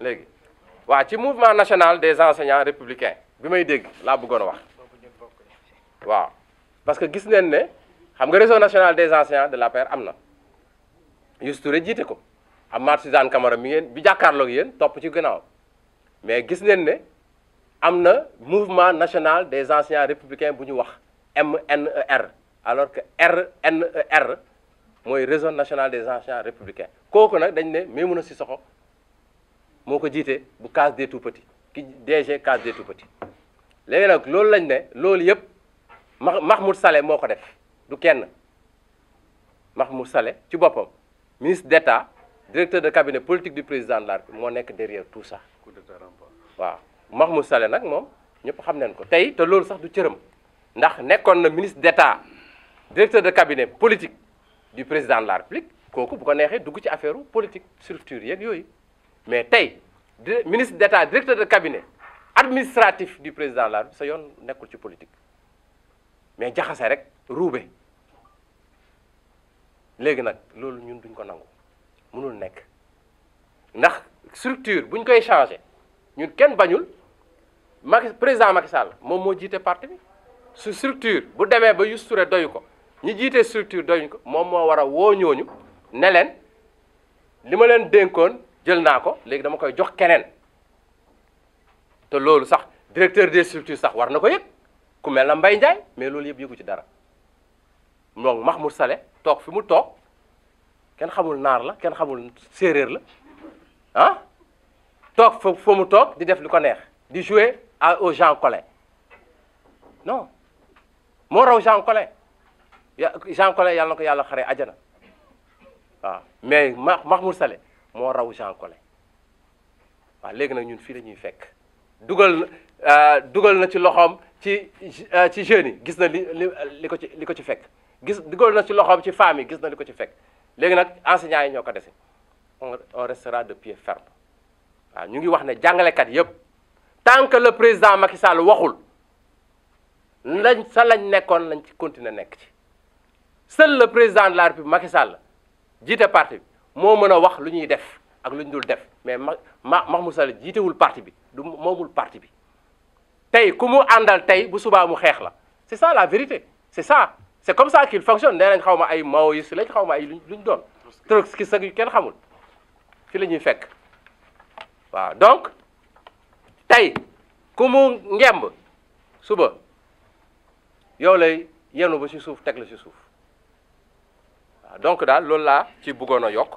léegi waaw le mouvement national des enseignants républicains bi may dégg laa bëggoon wax parce que gis voyez, ne xam nga réseau national des enseignants de la l'APR am na Youssou Touré jiite ko Amath Suzanne Camara mi ngeen bi jàkkaarloog yéen top ci gannaaw mais gis il y a le mouvement national des enseignants républicains bu ñu wax MNER alors que RNER le réseau national des enseignants républicains kooku nag dañ ne Maïmouna Sissoko moko jité bu case des tout petits ki DG case des tout petits léegi nak loolu lañ né loolu yëpp Mahmoud Saleh moko def du kenn Mahmoud Saleh ci boppam ministre d'État directeur de cabinet politique du président de la République moo nekk derrière tout ça wa Mahmoud Saleh nak mom ñëpp xam nañ ko tay té loolu sax du cëram ndax nekkoon na ministre d'État directeur de cabinet politique du président de la République kooku bu ko neexee dugg ci affaire politique structure yeeg yooyu mais tey ministre d'État directeur de cabinet administratif du président la République sa yoon nekkul ci politique mais jaxase rek ruube léegi nag loolu ñun duñ ko nangu mënul nekk ndax structure buñ koy changé ñun kenn bañul Macky président Macky Sall moom moo jiite parti bi su structure bu demee ba Youssou Touré doyu ko ñi jiite structure doyuñ ko moom moo war a woo ñooñu ne leen li ma leen dénkoon jël naa ko léegi dama koy jox keneen te loolu sax directeur des structures sax war na ko yëg ku mel na Mbaye Ndiaye mais loolu yëpp yëgu ci dara donc Mahmoud Saleh toog fi mu toog kenn xamul naar la kenn xamul séeréer la ah toog fa fa mu toog di def li ko neex di jouer à aux Jean Collin non moo raw Jean Collin Jean Collin yàlla na ko yàlla xaree àjjana waaw mais Mahmoud Saleh moo raw Jean Collin waaw léegi nag ñun fii la ñuy fekk dugal euh, dugal na ci loxoom ci euh, ci jeunes yi gis na li li li ko ci li ko ci fekk gis dugal na ci loxoom ci femmes yi gis na li ko ci fekk léegi nag enseignants yi ñoo ko dese on restera de pied ferme waaw ñu ngi wax ne jàngalekat yépp tant que le président Macky Sall waxul lañ sa lañ nekkoon lañ ci continuer nekk ci seul le président de la République Macky Sall jiite parti bi moo mën a wax lu ñuy def ak luñ dul def mais ma ma Mahmoud Saleh jiitewul parti bi du moomul parti bi tey ku mu àndal tey bu subaa mu xeex la c'est ça la vérité c'est ça c'est comme ça qu'il fonctionne nee nañ xaw ma ay maoïstes lañ xaw ma ay luñ ñu doon trotskistes ki yu kenn xamul fi la ñuy fekk waaw donc tey ku mu ngemb suba yow lay yenu ba ci suuf teg la ci suuf donc daal loolu laa ci bëggoon a yokk